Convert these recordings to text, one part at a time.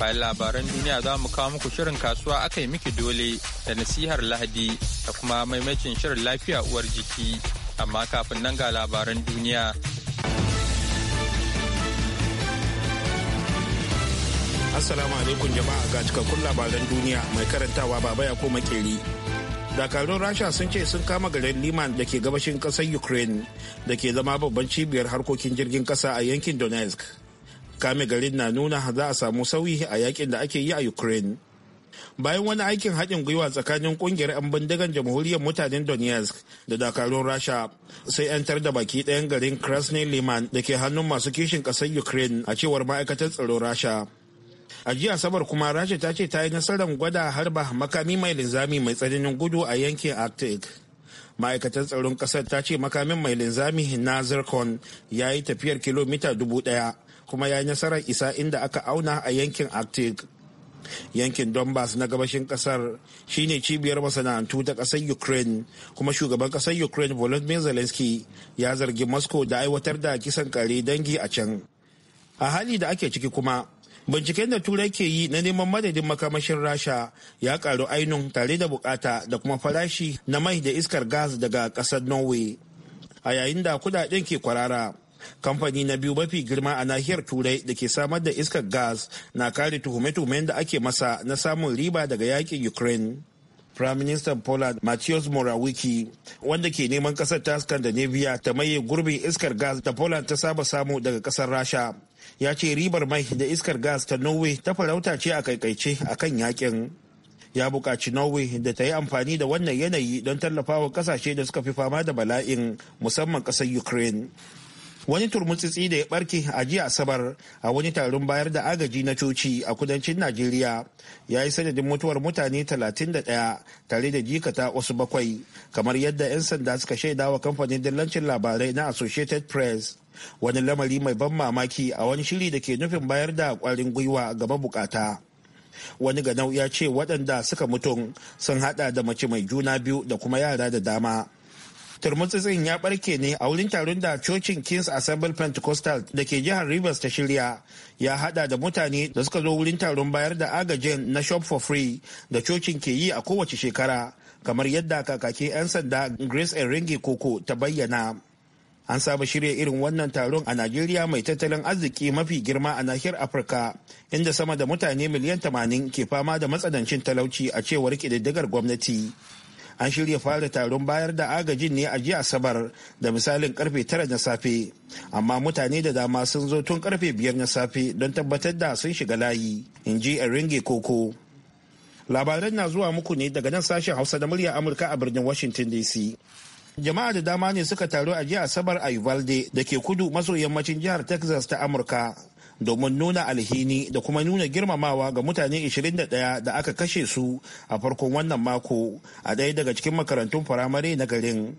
bayan labaran duniya za mu kawo muku shirin kasuwa aka yi miki dole da nasihar lahadi da kuma maimacin shirin lafiya uwar jiki amma kafin nan ga labaran duniya assalamu alaikum jama'a ga cikakkun labaran duniya mai karantawa baba ya koma makeri dakarun rasha sun ce sun kama garin liman da ke gabashin kasar ukraine da ke zama babban cibiyar harkokin jirgin kasa a yankin donetsk kame garin na nuna za a samu sauyi a yakin da ake yi a ukraine bayan wani aikin haɗin gwiwa tsakanin ƙungiyar 'yan bindigan jamhuriyar mutanen donetsk da dakarun rasha sai 'yantar da baki ɗayan garin krasny liman da ke hannun masu kishin ƙasar ukraine a cewar ma'aikatar tsaron rasha a jiya asabar kuma rasha ta ce ta yi nasarar gwada harba makami mai linzami mai tsananin gudu a yankin arctic ma'aikatar tsaron ƙasar ta ce makamin mai linzami na zircon ya yi tafiyar kilomita dubu ɗaya kuma ya nasarar isa inda aka auna a yankin arctic yankin donbass na gabashin kasar shine cibiyar masana'antu ta kasar ukraine kuma shugaban kasar ukraine volodymyr zelensky ya zargi moscow da aiwatar da kisan kare dangi a can a hali da ake ciki kuma binciken da turai ke yi na neman madadin makamashin rasha ya karu ainun tare da bukata da kuma farashi na mai da iskar gas daga kasar norway a yayin da kudaden ke kwarara kamfani na biyu mafi girma a nahiyar turai da ke samar da iskar gas na kare tuhume-tuhumen da ake masa na samun riba daga yakin ukraine prime minister poland matthews morawiki wanda ke neman kasar ta scandinavia ta maye gurbin iskar gas da poland ta saba samu daga kasar rasha ya ce ribar mai da iskar gas ta norway ta farauta ce a kaikaice a kan yakin ya buƙaci norway da ta yi amfani da wannan yanayi don tallafawa kasashe da suka fi fama da bala'in musamman ƙasar ukraine wani turmutsitsi da ya barke a jiya asabar a wani taron bayar da agaji na coci a kudancin najeriya ya yi sanadin mutuwar mutane 31 tare da jikata wasu bakwai kamar yadda 'yan sanda suka shaida wa kamfanin dillancin labarai na associated press wani lamari mai ban mamaki a wani shiri da ke nufin bayar da kwarin gwiwa gaba bukata wani ganau ya ce waɗanda suka mutum sun hada da mace mai juna biyu da kuma yara da dama turmutsitsin ya barke ne a wurin taron da cocin kings assemble pentecostal da ke jihar rivers ta shirya ya hada da mutane da suka zo wurin taron bayar da agajin na shop for free da cocin ke yi a kowace shekara kamar yadda kakaki 'yan sanda grace enringi koko ta bayyana an saba shirya irin wannan taron a najeriya mai tattalin arziki mafi girma a nahiyar afirka inda sama da mutane miliyan 80 ke fama da matsanancin talauci a cewar kididdigar gwamnati an shirya fara taron bayar da agajin ne a jiya asabar da misalin karfe tara na safe amma mutane da dama sun zo tun karfe biyar na safe don tabbatar da sun shiga layi in ji ringe koko labaran na zuwa muku ne daga nan sashen hausa da murya amurka a birnin washington dc jama'a da dama ne suka taru a jiya asabar a uvalde da ke kudu maso yammacin jihar texas ta amurka domin nuna alhini da kuma nuna girmamawa ga mutane 21 da aka kashe su a farkon wannan mako a ɗaya daga cikin makarantun firamare na garin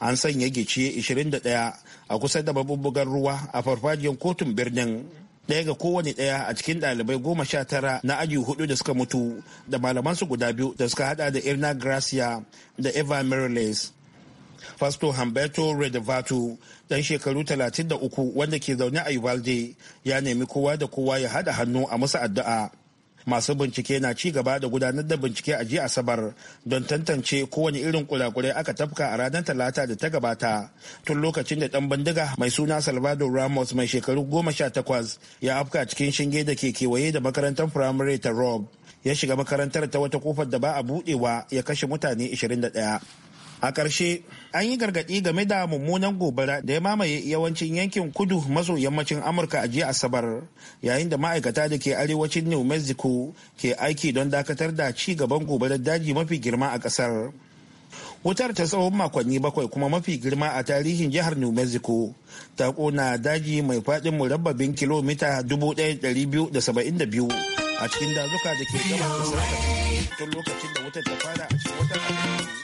an sanya gicciye 21 a kusa da mabubbugar ruwa a farfajiyar kotun birnin ɗaya ga kowane ɗaya a cikin ɗalibai goma sha tara na aji hudu da suka mutu da malamansu guda biyu da suka hada da irna gracia da eva mirales Fasto Humberto Redevatu dan shekaru 33 wanda ke zaune a Uvalde ya nemi kowa da kowa ya haɗa hannu a masa addu'a. Masu bincike na ci gaba da gudanar da bincike a jiya Asabar don tantance kowane irin kulakulai aka tafka a ranar Talata da ta gabata tun lokacin da ɗan bindiga mai suna Salvador Ramos mai shekaru goma sha takwas ya afka cikin shinge da ke kewaye da makarantar firamare ta Rob ya shiga makarantar ta wata kofar da ba a buɗewa ya kashe mutane 21. a ƙarshe an yi gargaɗi game da mummunan gobara da ya mamaye yawancin yankin kudu maso yammacin amurka a jiya asabar yayin da ma'aikata da ke arewacin new mexico ke aiki don dakatar da ci gaban gobarar daji mafi girma a ƙasar wutar ta tsawon makonni bakwai kuma mafi girma a tarihin jihar new mexico ta kona daji mai faɗin murabbabin kilomita 1272 a cikin dazuka da ke gaba da tun lokacin da wutar ta fara a cikin wata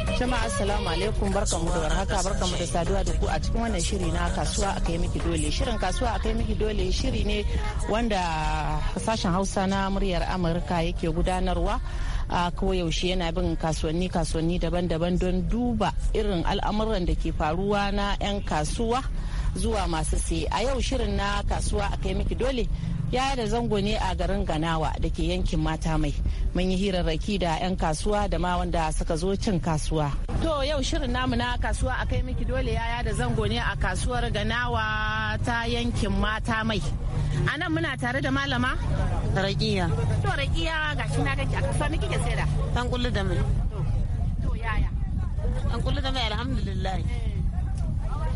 Jama'a assalamu alaikum barkamu da warhaka barkamu da saduwa da ku a cikin wannan shiri na kasuwa a kai miki dole. Shirin kasuwa a kai miki dole shiri ne wanda sashen Hausa na muryar Amurka yake gudanarwa. a koyaushe yana bin kasuwanni kasuwanni daban-daban don duba irin al'amuran da ke faruwa na 'yan kasuwa zuwa masu saye a yau shirin na kasuwa a kai miki dole ya da zango ne a garin ganawa da ke yankin mata mai mun yi hirarraki da 'yan kasuwa da ma wanda suka zo cin kasuwa to yau shirin namu na kasuwa a kai miki dole yaya da zango ne a kasuwar ganawa ta yankin mata mai a nan muna tare da malama rakiya to rakiya shi na gaji a kasuwa miki ke saida an da mai to yaya an kullu da mai alhamdulillah eh.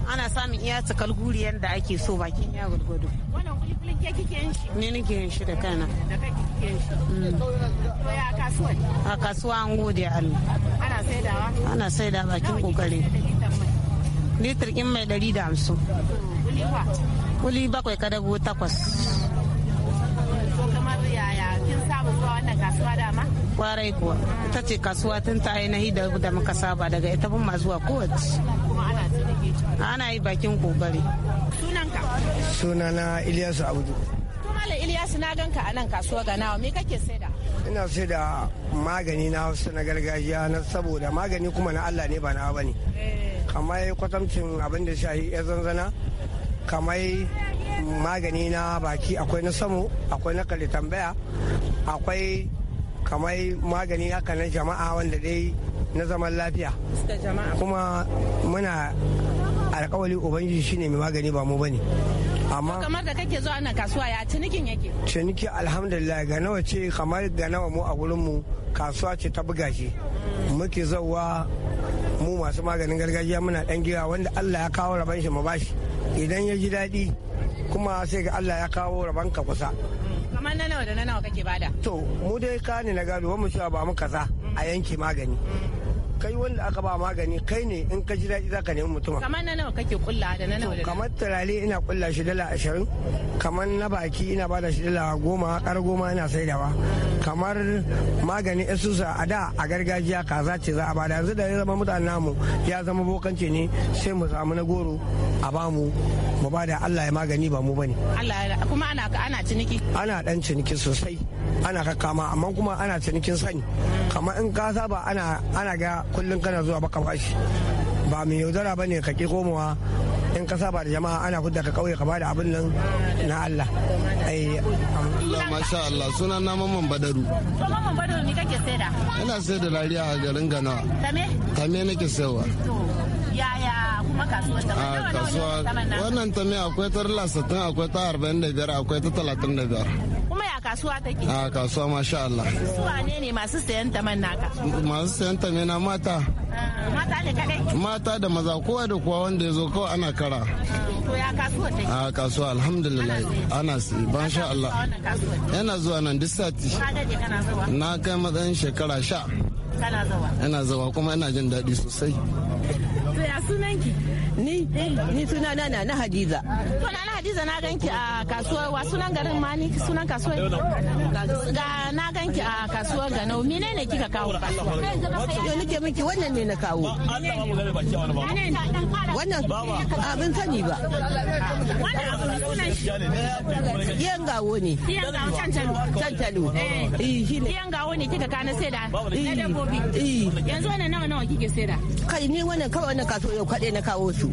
ana samun iya cikar guri yadda ake so bakin ya gwargwado wannan kulikulin ke kike yin shi nake yin shi da kaina da kai kike yin shi mm. to ya kasuwa a kasuwa an gode Allah ana saidawa ana saida bakin kokari litir in mai da hamsin. kuli bakwai kadago takwas kwarai kuwa ita ce kasuwa tun ta ainihi da muka saba daga ita bin ma zuwa kowace ana yi bakin kokari sunanka sunana Ilyasu abudu. kuma malam Ilyasu na ganka a nan kasuwa Ganawa me kake saida ina saida da magani na hausa na gargajiya na saboda magani kuma na Allah ne ba na bane eh. kamar kwatamcin abin da shahi ya zanzana kamar magani na baki akwai na samu akwai na kare tambaya akwai kamar magani haka na jama'a wanda dai na zaman lafiya kuma muna alkawali ubangiji shine mai magani ba mu bane amma kamar da kake zuwa nan kasuwa ya cinikin yake ciniki alhamdulillah ga nawa ce kamar ga nawa mu a gurin mu kasuwa ce ta buga shi muke zauwa mu masu maganin gargajiya muna dan gira wanda Allah ya kawo raban shi mu bashi idan ya ji daɗi kuma sai ga Allah ya kawo raban ka kusa kamar na nawa da na nawa kake bada to mu dai kani na gado mu cewa ba mu kaza a yanke magani kai wanda aka ba magani kai ne in ka ji daɗi za ka nemi mutum kamar na nawa kake kulla da na nawa kamar turare ina kulla shi dala ashirin kamar na baki ina bada shi dala goma kar goma ina saidawa kamar magani asusa a da a gargajiya kaza ce za a bada yanzu da ya zama mutanen namu ya zama bokanci ne sai mu samu na goro a bamu mu bada Allah ya magani ba mu bane Allah kuma ana ana ciniki ana dan ciniki sosai ana kakkama amma kuma ana cinikin sani kamar in ka saba ana ana ga kullum kana zuwa baka bashi ba mai yaudara ba ne kake komawa komowa in ka saba da jama'a ana kudda ka kauye ka bada abin nan na Allah Allah masha Allah suna na mamman badaru to mamman badaru ne kake saida ina saida lariya a garin Ganawa kame kame nake saiwa yaya kuma kasuwar ta kasuwa wannan tame akwai ta 60 akwai ta 45 akwai ta 35 kuma ya kasuwa take a kasuwa masha Allah Kasuwa ne ne masu sayan taman naka masu sayan taman na mata ah, mata ne kadai mata da maza kowa da kowa wanda ya zo kawai ana kara to ya kasuwa take a kasuwa alhamdulillah ana si ban sha Allah yana zuwa nan duk sati na kai matsayin shekara sha kana zawa Yana zawa kuma ina jin daɗi sosai ya sunanki? Ni, ni suna na na Hadiza. To na Hadiza na ganki a kasuwar wa sunan garin ma ni sunan kasuwar? Ga na ganki a kasuwar Ganau. Menene kika kawo kasuwa? Yo nake miki wannan ne na kawo. Wannan abin sani ba. Wannan abin sunan shi. Yan gawo ne. Yan gawo cancalu. Cancalu. Yan gawo ne kika kana sai da eh. dabbobi. Eh. Yanzu wannan nawa nawa kike sai da? Kai ni wannan kawai wannan kasuwa yau kaɗai na kawo su.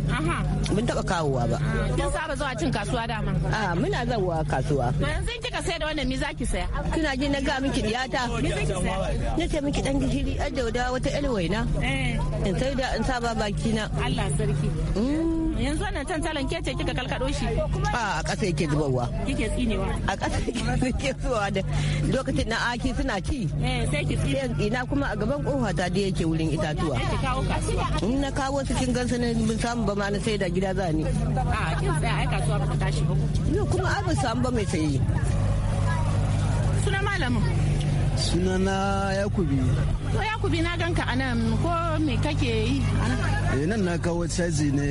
Mun taɓa kawowa ba. Kin saba zuwa cin kasuwa dama? A muna zawa kasuwa. To yanzu kika sai da wannan mi zaki saya? Kina ji na ga miki diyata. Mi zaki saya? Na ce miki dan gishiri, adda wata ƴar waina. Eh. In sai da in saba baki na. Allah sarki. Mm. yanzu wannan tantalan ke ce kika kalkado shi a kasa yake zubarwa kike tsinewa a kasa yake zubarwa da lokacin na aki suna ci eh, sai ki ina kuma a gaban kofa ta da yake wurin itatuwa in na kawo su kin gansa ne mun samu ba ma na sai da gida za ni a kin tsaya ai kasuwa ba ta tashi ba kuma a ba samu ba mai sayi suna malamin sunana yakubi to yakubi na ganka nan ko me kake yi a eh, nan na kawo caji ne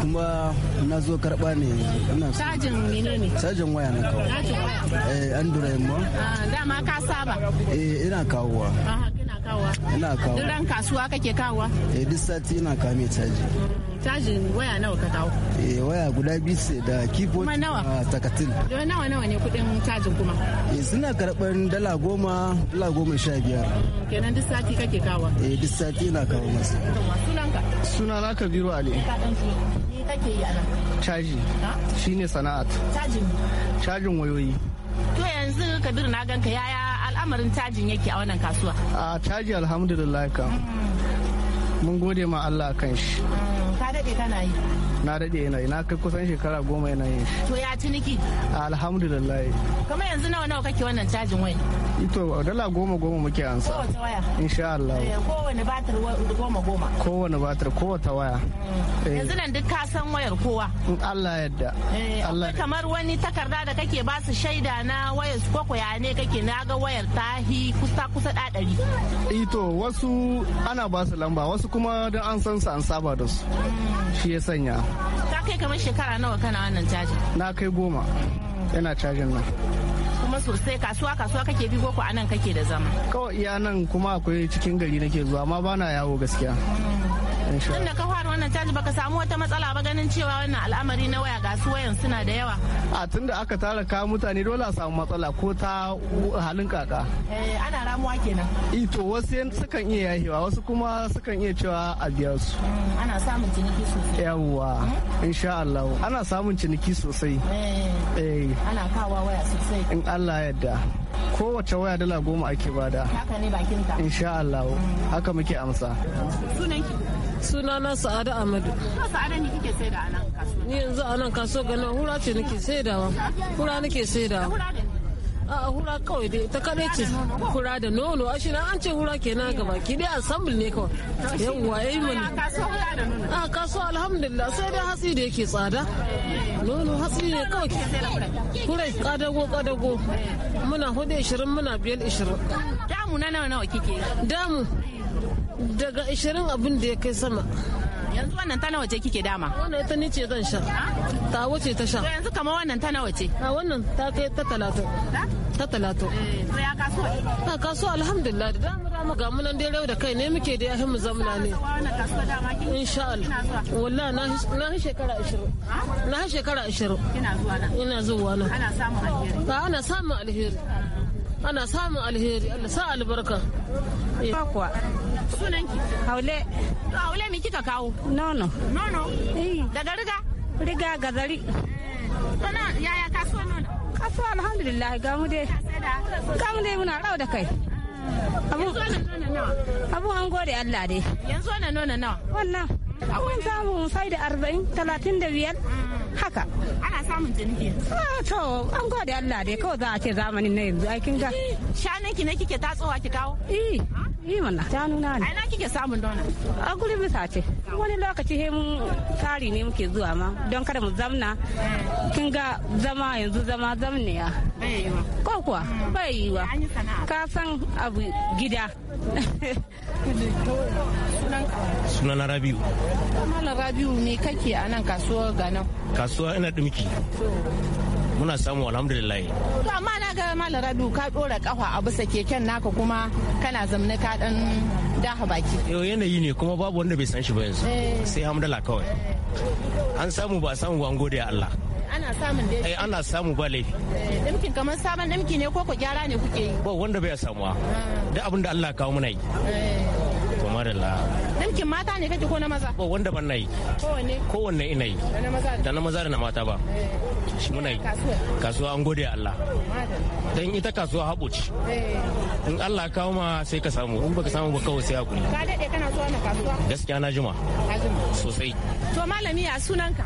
kuma na zo karba ne ina cajin ne? cajin waya na kawo eh dura mo ah, dama ka saba eh ina kawowa ina kawowa ina kawowa duk kasuwa kake kawowa eh duk sati ina kame caji mm. cajin waya nawa ka kawo eh waya guda biyu da keyboard a takatin. takatil nawa nawa ne kudin cajin kuma eh suna karban dala goma dala goma sha biyar mm, kenan duk sati kake kawo eh duk sati na kawo masu sunanka sunana kabiru ali ni kake yi anan caji shine sana'at cajin cajin wayoyi to yanzu kabiru na ganka yaya al'amarin cajin yake a wannan kasuwa a caji alhamdulillah kam mm. mun gode ma Allah kan shi mm. ka daɗe kana yi na daɗe yana Ina na kai kusan shekara goma yana yin shi. To ya ciniki? Alhamdulillah. Kama yanzu nawa nawa kake wannan cajin wai? Ito dala goma goma muke ansa. Kowace waya? Insha Allah. Eh, kowane batir goma goma. Kowane batir kowace waya. Mm. Yanzu nan duk ka san wayar kowa. Allah yadda. Eh, Allah kamar wani takarda da kake ba su shaida na wayar su koko ya ne kake na ga wayar tahi kusa kusa da ɗari. Ito wasu ana ba su lamba wasu kuma don an san su an saba da su. Mm. Shi ya sanya. ka kai kamar shekara nawa kana wannan cajin na kai goma yana cajin nan kuma sosai kasuwa kasuwa kake bi ko anan kake da zama kawai iya nan kuma akwai cikin gari nake zuwa amma bana yawo gaskiya tunda da ka fara wannan caji baka samu wata matsala ba ganin cewa wannan al'amari na waya ga su wayan suna da yawa a tun da aka tara ka mutane dole a samu matsala ko ta halin kaka eh ana ramuwa kenan ito e, wasu sukan iya yahewa wasu kuma sukan iya cewa a biya su mm, ana samun ciniki sosai yawwa mm-hmm. insha Allah ana samun ciniki sosai eh, eh. ana kawo waya sosai in Allah yadda kowace waya dala goma ake bada haka ne bakin ta insha Allah mm. haka muke amsa sunanki Suna na sa'ada amadu sa'ada ne kike saida a nan kasuwa ni yanzu a nan kaso ganin hura ce nake saidawa hura nake saidawa a hura kawai dai ta kaɗai ce hura da nono a shi an ce hura kenan gaba ki dai ensemble ne kawai yawwa yayi mana a kaso alhamdulillah sai dai hatsi da yake tsada nono hatsi ne kawai kurai kadago kadago muna hudu ishirin muna biyar ishirin damu na nawa nawa kike damu daga 20 abin da ya kai sama yanzu wannan tana wace kike dama wannan ita ne ce zan sha ta wuce ta sha yanzu kama wannan tana wace ce a wannan ta kai ta talato ta talato eh, ya kasuwa ta kaso alhamdulillah da dama dama ga mu nan dai rau da kai ne muke da yahin mu zamna ne insha Allah wallahi na na shekara 20 na shekara 20 ina zuwa nan ina zuwa nan ana samun alheri ba ana samun alheri ana samun alheri Allah sa albarka kuwa sunanki haule to haule me kika kawo nono nono eh. daga riga riga gazari eh. to yaya kasuwa nono kasuwa alhamdulillah ga mu dai ga mu dai muna rau da kai eh. abu abu an gode Allah dai yanzu wannan nono nawa wannan abun samu sai da arba'in talatin da biyar mm. haka ana samun ciniki ah, to an gode Allah dai kawai za a ce zamanin na yanzu aikin ga shanunki ne kike tatsowa ki kawo eh ah. Eh mana ta nuna ne. A ina kike samun donut? A gurin bisa ce. Wani lokaci he mun tsari ne muke zuwa ma don kada mu zamna. Kin ga zama yanzu zama zamniya. Ko kuwa bai yi wa. Ka san abu gida. Sunana Rabiu. Sunana Rabiu ne kake a nan kasuwar Ganau. Kasuwa ina dumki. muna samu alhamdulillah to amma na ga malam rabiu ka dora kafa a bisa keken naka kuma kana zamne ka dan daha baki yau yanayi ne kuma babu wanda bai san shi ba yanzu eh. sai hamdala kawai eh. an samu ba samu ba an gode Allah ana samun dai eh, ana samu ba laifi dimkin kamar sabon dimki ne ko ko gyara ne kuke yi ba wanda bai a ah. duk abin da Allah kawo muna yi kamar la. Namkin mata ne kake ko na maza? Ba wanda ban na yi. Kowanne? Kowanne ina yi. Da na maza da na mata ba. shi muna yi kasuwa an gode Allah dan ita kasuwa haɓo ce eh. in Allah kawo ma sai ka samu in baka samu ba kawai sai hakuri ka dade kana zuwa na kasuwa gaskiya na juma sosai to malami ya sunanka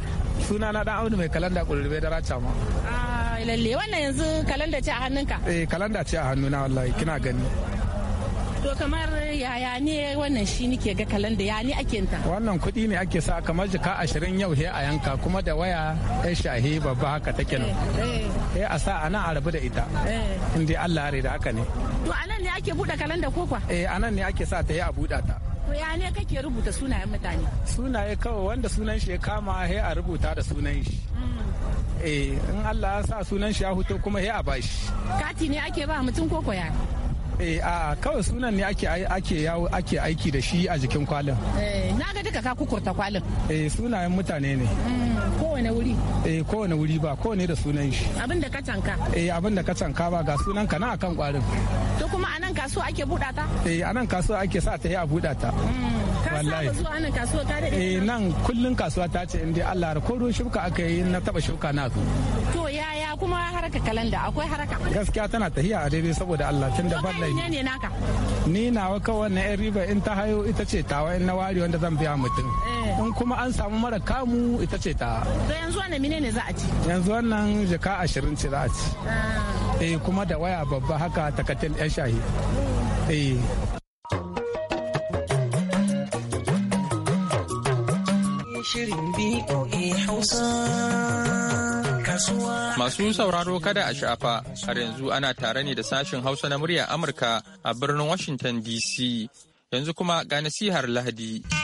suna na dan auni mai kalanda kulurbe da racha ma ah, lalle wannan yanzu kalanda ce a hannunka eh kalanda ce a hannuna wallahi kina gani To kamar yaya ne wannan shi nike ga kalanda ya ni ake ta? Wannan kuɗi ne ake sa kamar jika ashirin yau he a yanka kuma da waya ya shahi babba haka take nan. Eh, eh. a sa ana a rabu da ita. Eh. In dai Allah ya da haka ne. To anan ne ake buɗe kalanda ko kwa? Eh anan ne ake sa ta yi a buɗa ta. To ya ne kake rubuta sunayen mutane? Sunaye kawai wanda sunan shi ya kama he a rubuta da sunan shi. Mm. Eh in Allah ya sa sunan shi ya huto kuma he a bashi. Kati ne ake ba mutum ko ya? Eh, a kawai sunan ne ake ake yawo ake aiki da shi a jikin kwalin eh, na ga duka ka kukurta kwalin eh sunayen mutane ne mm, kowane wuri eh kowane wuri ba kowane da sunan shi abin da ka tanka eh abin da ka tanka ba ga sunan ka na akan kwarin to kuma anan kasuwa ake buɗata eh anan kasuwa ake sa ta yi a buɗata. Mm. wallahi zuwa nan kasuwa ka dade eh nan kullun kasuwa ta ce in dai Allah ya ko shuka aka yi na taba shuka na zo to yaya kuma haraka kalanda akwai haraka gaskiya tana tahiya a daidai saboda Allah tun tunda ballai ne ne naka ni nawa kawai na yan riba in ta hayo ita ce tawa in na wari wanda zan biya mutum eh. in kuma an samu mara kamu ita ce ta to yanzu wannan ne za a ci yanzu wannan jaka ashirin ce za a ci ah. eh kuma da waya babba haka takatil yan shahi eh Shirin BOA Hausa. Masu sauraro kada a shafa, har yanzu ana tare ne da sashen Hausa na murya Amurka a birnin Washington DC. Yanzu kuma ga nasihar Lahadi.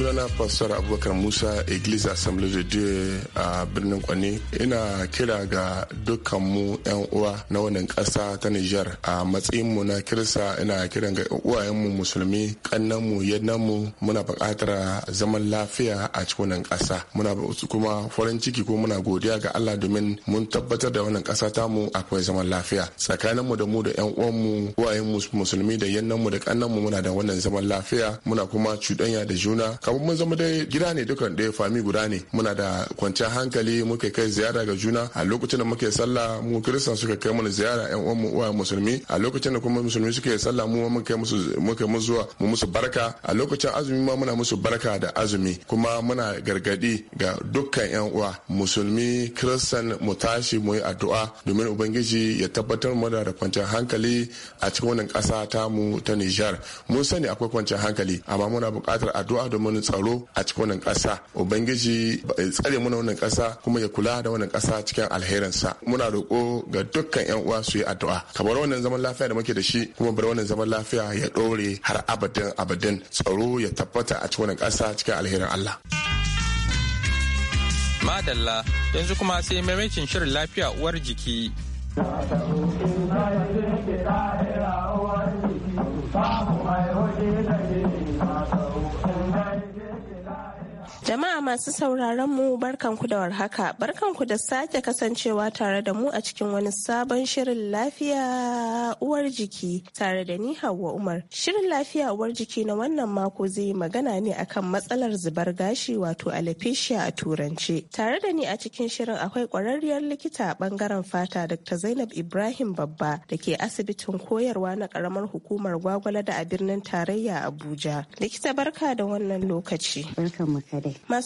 sunana pastor abubakar musa iglesia assembly of dieu a birnin kwane ina kira ga dukkan yan uwa na wannan kasa ta nijar a matsayin mu na kirsa ina kiran ga uwayen mu musulmi kannan mu yannan mu muna bukatar zaman lafiya a cikin wannan kasa muna kuma farin ciki ko muna godiya ga Allah domin mun tabbatar da wannan kasa ta mu akwai zaman lafiya tsakanin mu da mu da yan uwan mu uwayen mu musulmi da yannan mu da kannan mu muna da wannan zaman lafiya muna kuma cuɗanya da juna kamar mun zama dai gida ne dukan ɗaya fami guda ne muna da kwanciyar hankali muke kai ziyara ga juna a lokacin da muke sallah mu kristan suka kai mana ziyara yan uwan mu uwa musulmi a lokacin da kuma musulmi suke sallah mu mun kai musu muke musu zuwa mu musu barka a lokacin azumi ma muna musu barka da azumi kuma muna gargadi ga dukkan yan uwa musulmi kristan mu tashi mu yi addu'a domin ubangiji ya tabbatar mana da kwanciyar hankali a cikin wannan kasa ta mu ta Nijar mun sani akwai kwanciyar hankali amma muna buƙatar addu'a domin mana tsaro a cikin wannan ƙasa ubangiji ya tsare mana wannan ƙasa kuma ya kula da wannan ƙasa cikin alherinsa muna roko ga dukkan yan uwa su yi addu'a ka bar wannan zaman lafiya da muke da shi kuma bar wannan zaman lafiya ya ɗore har abadin abadin tsaro ya tabbata a cikin wannan ƙasa cikin alherin Allah. Madalla yanzu kuma sai maimacin shirin lafiya uwar jiki. masu sauraron mu barkanku da warhaka, barkanku da sake kasancewa tare da mu a cikin wani sabon shirin lafiya uwar jiki tare da ni Hauwa Umar. Shirin lafiya uwar jiki na wannan mako zai yi magana ne akan matsalar zubar gashi wato alopecia a turance. Tare da ni a cikin shirin akwai kwararriyar likita a bangaren fata Dr. Zainab Ibrahim Babba da ke asibitin koyarwa na karamar hukumar gwagwala da a birnin tarayya Abuja. Likita barka da wannan lokaci.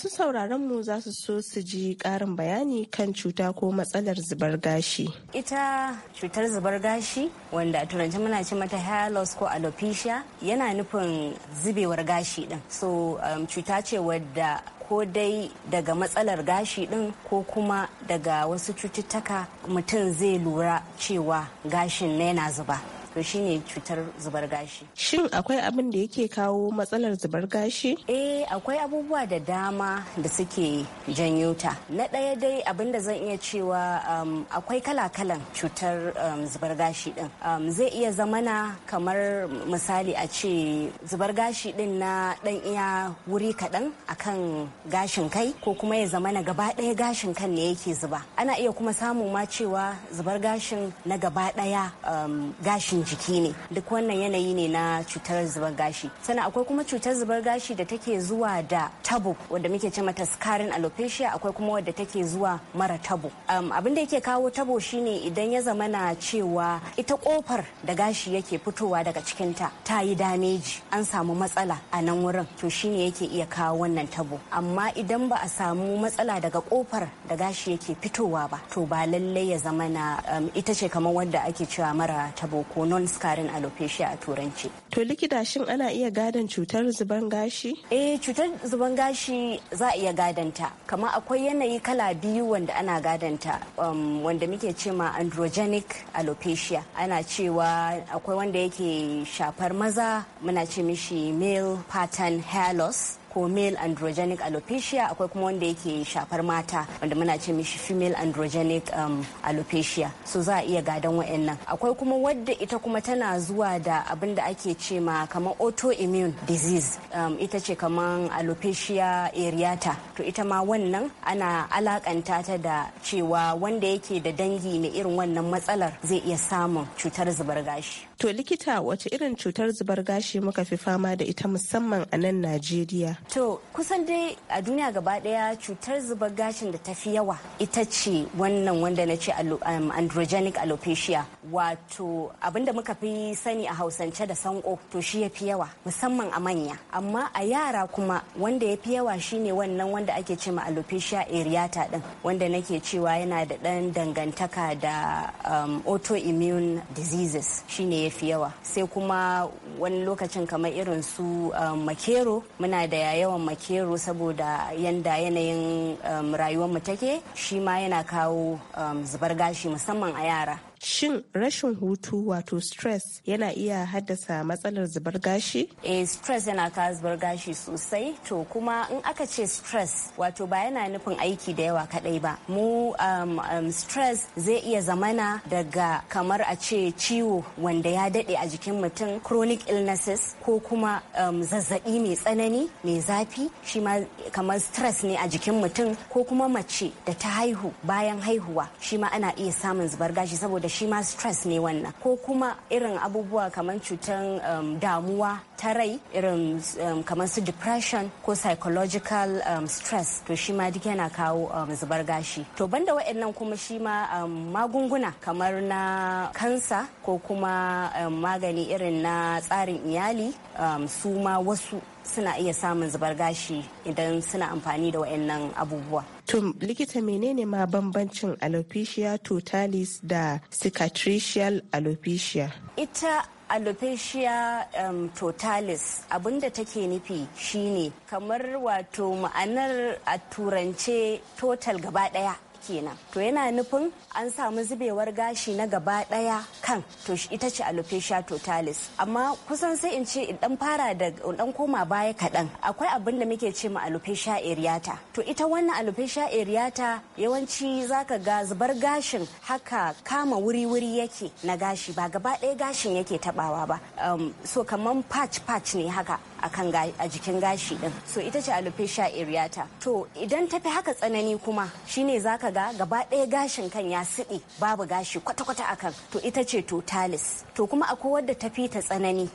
masu sauraron mu za su so su ji ƙarin bayani kan cuta ko matsalar zubar gashi. Ita cutar zubar gashi wanda a turanci muna ce mata hairloss ko alopecia yana nufin zubewar gashi din. So um, cuta ce wadda ko dai daga matsalar gashi din ko kuma daga wasu cututtuka mutum zai lura cewa gashin na yana zuba. to shine cutar zubar gashi shin akwai abin da yake kawo matsalar zubar gashi eh akwai abubuwa da dama da suke janyo ta na ɗaya dai abin da zan iya cewa um, akwai kala-kalan cutar um, zubar gashi din um, zai iya zamana kamar misali a ce zubar gashi din na ɗan iya wuri kaɗan akan gashin kai ko kuma ya zamana gaba ɗaya gashin kan ne yake zuba ana iya kuma samu ma cewa zubar gashin na gaba ɗaya um, gashin jiki ne duk wannan yanayi ne na cutar zubar gashi sannan akwai kuma cutar zubar gashi da take zuwa da tabo wadda muke ce mata scarring alopecia akwai kuma wadda take zuwa mara tabo um, abin da yake kawo tabo shine idan ya zama na cewa ita kofar da gashi yake fitowa daga cikin ta yi dameji an samu matsala a nan wurin to shine yake iya kawo wannan tabo amma idan ba a samu matsala daga kofar da gashi yake fitowa ba to ba lallai ya zama na um, ita ce kamar wadda ake cewa mara tabo ko non-scarring alopecia a turanci. To likita shin ana iya gadon cutar zuban gashi? Eh cutar zuban gashi za a iya gadanta kamar akwai yanayi kala biyu wanda ana gadanta um, wanda muke ma androgenic alopecia ana cewa akwai wanda yake shafar maza muna ce mishi male pattern hair loss ko male androgenic alopecia akwai kuma wanda yake shafar mata wanda muna ce mishi female androgenic um, alopecia so za a iya gadon wa'annan akwai kuma wadda ita kuma tana zuwa da abin da ake ce ma kamar autoimmune disease um, ita ce kamar alopecia areata to ita ma wannan ana alakanta ta da cewa wanda yake da dangi mai irin wannan matsalar zai iya samun cutar zubar gashi to likita wace irin cutar zubar gashi muka fi fama da ita musamman a nan najeriya To kusan dai a duniya gaba daya cutar zubar gashin da tafi yawa ita ce wannan wanda na ce um, androgenic alopecia wato abinda muka fi sani a hausance da sanko to shi ya fi yawa musamman a manya amma a yara kuma wanda ya fi yawa shine wannan wanda ake ce ma alopecia areata din wanda nake cewa yana da dan dangantaka da um, autoimmune diseases shine ya fi yawa sai kuma wani lokacin kamar irin su um, makero muna da yawan makero saboda yanda yanayin um, rayuwar mu take shi ma yana kawo um, zubar gashi musamman a yara Shin rashin hutu wato stress yana iya haddasa matsalar zubar gashi? Eh stress yana kawo zubar gashi sosai to kuma in aka ce stress wato ba yana nufin aiki da yawa kadai ba. Mu um, um, stress zai iya zamana daga kamar a ce ciwo wanda ya dade a jikin mutum chronic illnesses ko kuma um, zazzabi mai tsanani mai zafi shi ma kamar stress ne a jikin mutum ko kuma mace da ta haihu bayan haihuwa shi ma ana iya samun zubar gashi saboda shi ma stress ne wannan ko kuma irin abubuwa kamar cutar um, damuwa ta rai irin um, kamar su depression ko psychological um, stress to shi ma duk yana kawo zubar gashi to banda waannan kuma shi ma magunguna kamar na kansa ko kuma magani irin na tsarin iyali su ma wasu suna iya samun zubar gashi idan suna amfani da waɗannan abubuwa Tum likita menene ma bambancin alopecia totalis da cicatricial alopecia? Ita alopecia um, totalis abinda take nufi shine kamar wato ma'anar a turance total gaba daya kenan to yana nufin an samu zubewar gashi na gaba daya kan to ita ce alopecia totalis amma kusan sai in ce in dan fara da dan koma baya kadan akwai abin da muke ce ma alopecia areata to ita wannan alopecia areata yawanci zaka ga zubar gashin haka kama wuri-wuri yake na gashi ba gaba daya gashin yake tabawa ba so kaman patch patch ne haka a jikin gashi din so ita ce alopecia areata to idan tafi haka tsanani kuma shine zaka ga gaba ɗaya gashin kan ya siɗe babu gashi kwata-kwata akan to ita ce totalis to kuma akwai wadda tafi ta tsanani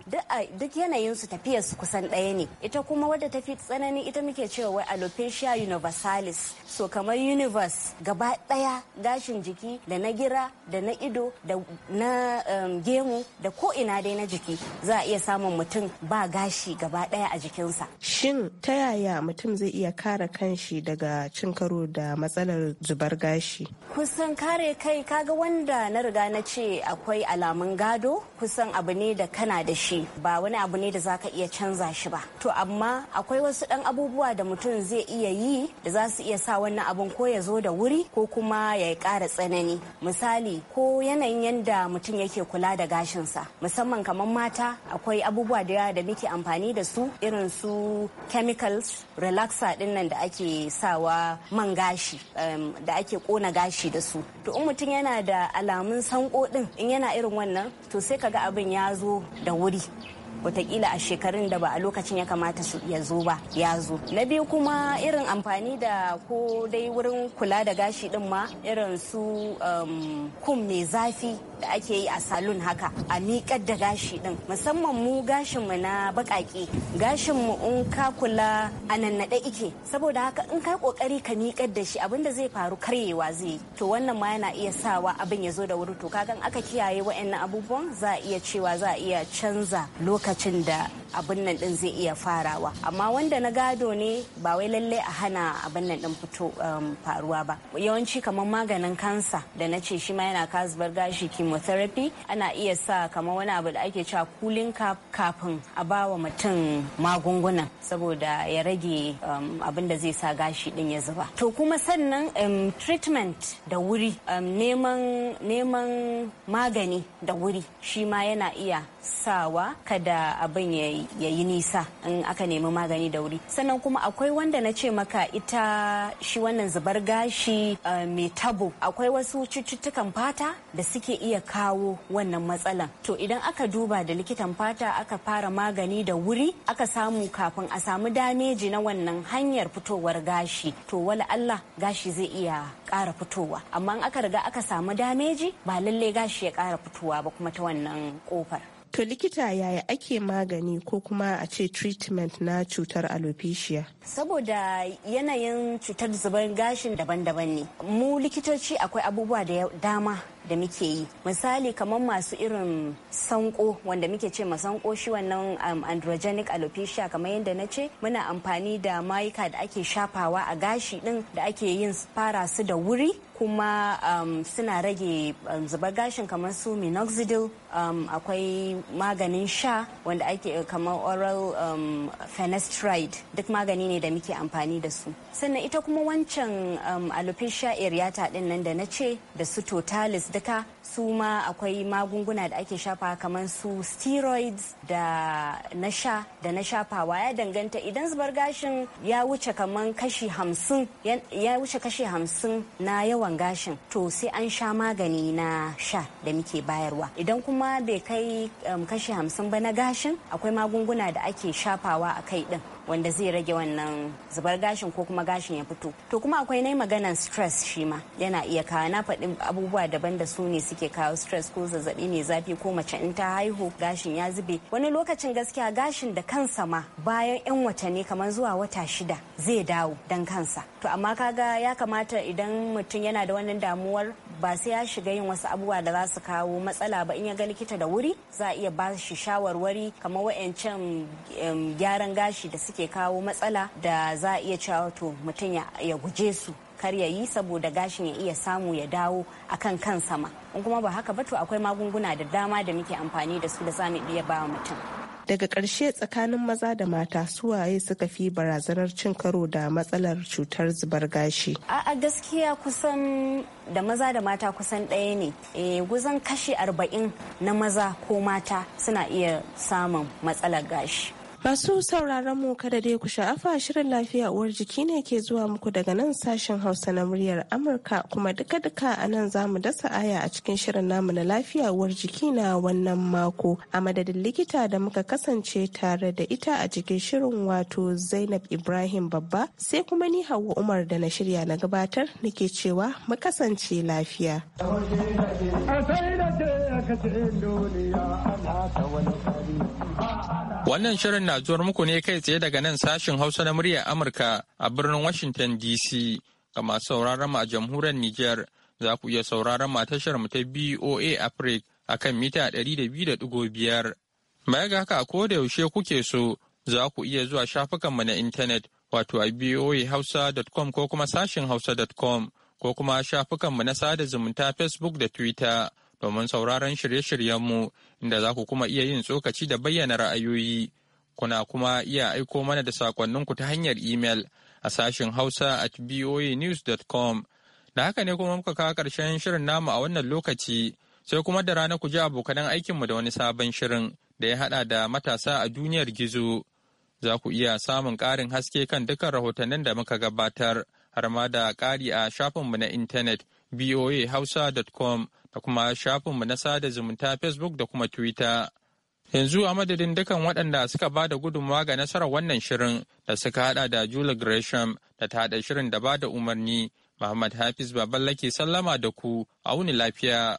duk yanayin su tafiyar su kusan ɗaya ne ita kuma wadda tafi ta tsanani ita muke cewa wai alopecia universalis so kamar universe gaba ɗaya gashin jiki da na gira da na ido da na um, gemu da ko ina dai na jiki za a iya samun mutum ba gashi gaba gaba ɗaya a jikinsa. Shin ta yaya mutum zai iya kare kanshi daga cin karo da matsalar zubar gashi? Kusan kare kai kaga wanda na riga na ce akwai alamun gado kusan abu ne da kana da shi ba wani abu ne da zaka iya canza shi ba. To amma akwai wasu ɗan abubuwa da mutum zai iya yi da za su iya sa wannan abun ko ya zo da wuri ko kuma ya kara tsanani. Misali ko yanayin yanda mutum yake kula da gashinsa musamman kamar mata akwai abubuwa da da muke amfani da su irin su chemicals relaxer din nan da ake sawa man gashi da ake kona gashi da su to in mutum yana da alamun sanko din in yana irin wannan to sai kaga abin ya zo da wuri watakila a shekarun da ba a lokacin ya kamata su ya zo ba ya zo na biyu kuma irin amfani da ko dai wurin kula da gashi din ma irin su kum mai zafi da ake yi a salon haka a miƙar da gashi din musamman mu gashin mu na baƙaƙe gashin mu in ka kula a nannaɗe ike saboda haka in ka kokari ka miƙar da shi abin da zai faru karyewa zai to wannan ma yana iya sawa abin ya zo da wuri to kaga aka kiyaye wa'annan abubuwan za iya cewa za iya canza lokacin da abin nan din zai iya farawa amma wanda na gado ne ba wai lalle a hana abin nan din fito um, faruwa ba yawanci kamar maganin kansa da na ce shi ma yana kasbar gashi kima chemotherapy ana iya sa kamar wani abu da ake cewa cooling cap kafin a ba wa mutum magunguna saboda ya rage um, abin da zai sa gashi din ya zuba to kuma sannan um, treatment da wuri um, neman magani da wuri shi ma yana iya sawa kada abin ya yi nisa in aka nemi magani da wuri sannan kuma akwai wanda na ce maka ita shi wannan zubar gashi uh, mai tabo akwai wasu cututtukan fata da suke iya kawo wannan matsalan to idan aka duba da likitan fata aka fara magani da wuri aka samu kafin a samu dameji na wannan hanyar fitowar gashi to wala Allah gashi zai iya ƙara fitowa amma aka riga aka samu dameji ba lalle gashi ya kara fitowa ba kuma ta wannan kofar To likita yaya ake magani ko kuma a ce treatment na cutar alopecia? Saboda yanayin cutar zubar gashin daban-daban ne. Mu likitoci akwai abubuwa da dama da muke yi misali kamar masu irin sanko wanda muke ce sanko shi wannan um, androgenic alopecia kamar yadda na ce muna amfani da mayuka da ake shafawa a gashi din da ake yin fara su da wuri kuma um, suna rage um, zubar gashin kamar su minoxidil um, akwai maganin sha wanda ake kamar oral um, fenestride duk magani ne da muke amfani da su sannan ita kuma wancan um, alopecia areata din nan da na ce da su totalis da su ma akwai magunguna da ake shafa kamar su steroids da na sha da na shafawa ya danganta idan zubar gashin ya wuce kamar kashi hamsin ya wuce kashi hamsin na yawan gashin to sai an sha magani na sha da muke bayarwa idan kuma bai kai um, kashi hamsin ba na gashin akwai magunguna da ake shafawa a kai din wanda zai rage wannan zubar gashin ko kuma gashin ya fito to kuma akwai na maganan stress shi ma yana iya kawo na faɗi abubuwa daban da su ne suke ke kawo stress ko zazzabi mai zafi ko mace in ta haihu gashin ya zube wani lokacin gaskiya gashin da kansa ma bayan 'yan watanni kamar zuwa wata shida zai dawo dan kansa to amma kaga ya kamata idan mutum yana da wannan damuwar ba sai ya shiga yin wasu abubuwa da za su kawo matsala ba in ya ga likita da wuri za a iya ba shi shawarwari kamar wa'ancan gyaran gashi da suke kawo matsala da za a iya cewa to mutum ya guje su kar ya yi saboda gashin ya iya samu ya dawo a kan kan sama in kuma ba haka ba to akwai magunguna da dama da muke amfani da su da zamu iya ba mutum daga karshe tsakanin maza da mata su waye suka fi barazanar cin karo da matsalar cutar zubar gashi a gaskiya kusan da maza da mata kusan ɗaya ne eh, guzan kashi arba'in na maza ko mata suna iya samun matsalar gashi Masu sauraron mu kada dai ku sha'afa shirin lafiya uwar jiki ne ke zuwa muku daga nan sashen Hausa na muryar Amurka kuma duka-duka a nan za mu dasa aya a cikin shirin namu na lafiya uwar jiki na wannan mako a madadin likita da muka kasance tare da ita a cikin shirin wato Zainab Ibrahim Babba sai kuma ni Hauwa Umar da na shirya na gabatar nake cewa mu kasance lafiya. Wannan shirin na zuwar muku ne kai tsaye daga nan sashin Hausa na muryar Amurka a birnin Washington DC. Ga masu sauraron a jamhuriyar Nijar za ku iya sauraron a tashar mu ta BOA Africa a kan mita 200.5. Baya ga haka ko da yaushe kuke so za ku iya zuwa shafukan mu na intanet wato a boahausa.com ko kuma sashin hausa.com ko kuma shafukan mu na sada zumunta Facebook da Twitter. domin sauraron shirye-shiryenmu inda za ku kuma iya yin tsokaci da bayyana ra'ayoyi. Kuna kuma iya aiko mana da sakonninku ta hanyar imel a sashen Hausa at voanews.com. Da haka ne kuma muka kawo ƙarshen shirin namu a wannan lokaci, sai kuma da rana ku ji abokanan aikinmu da wani sabon shirin da ya haɗa da matasa a duniyar gizo. Za ku iya samun ƙarin haske kan dukkan rahotannin da muka gabatar, har ma da ƙari a shafinmu na intanet voahausa.com da kuma shafinmu na sada zumunta Facebook da kuma Twitter. Yanzu a madadin dukan waɗanda suka ba da gudunmawa ga nasarar wannan shirin da suka hada da Julie Gresham da ta hada shirin da ba da umarni, Muhammad Hafiz Baballa ke sallama da ku a wuni lafiya.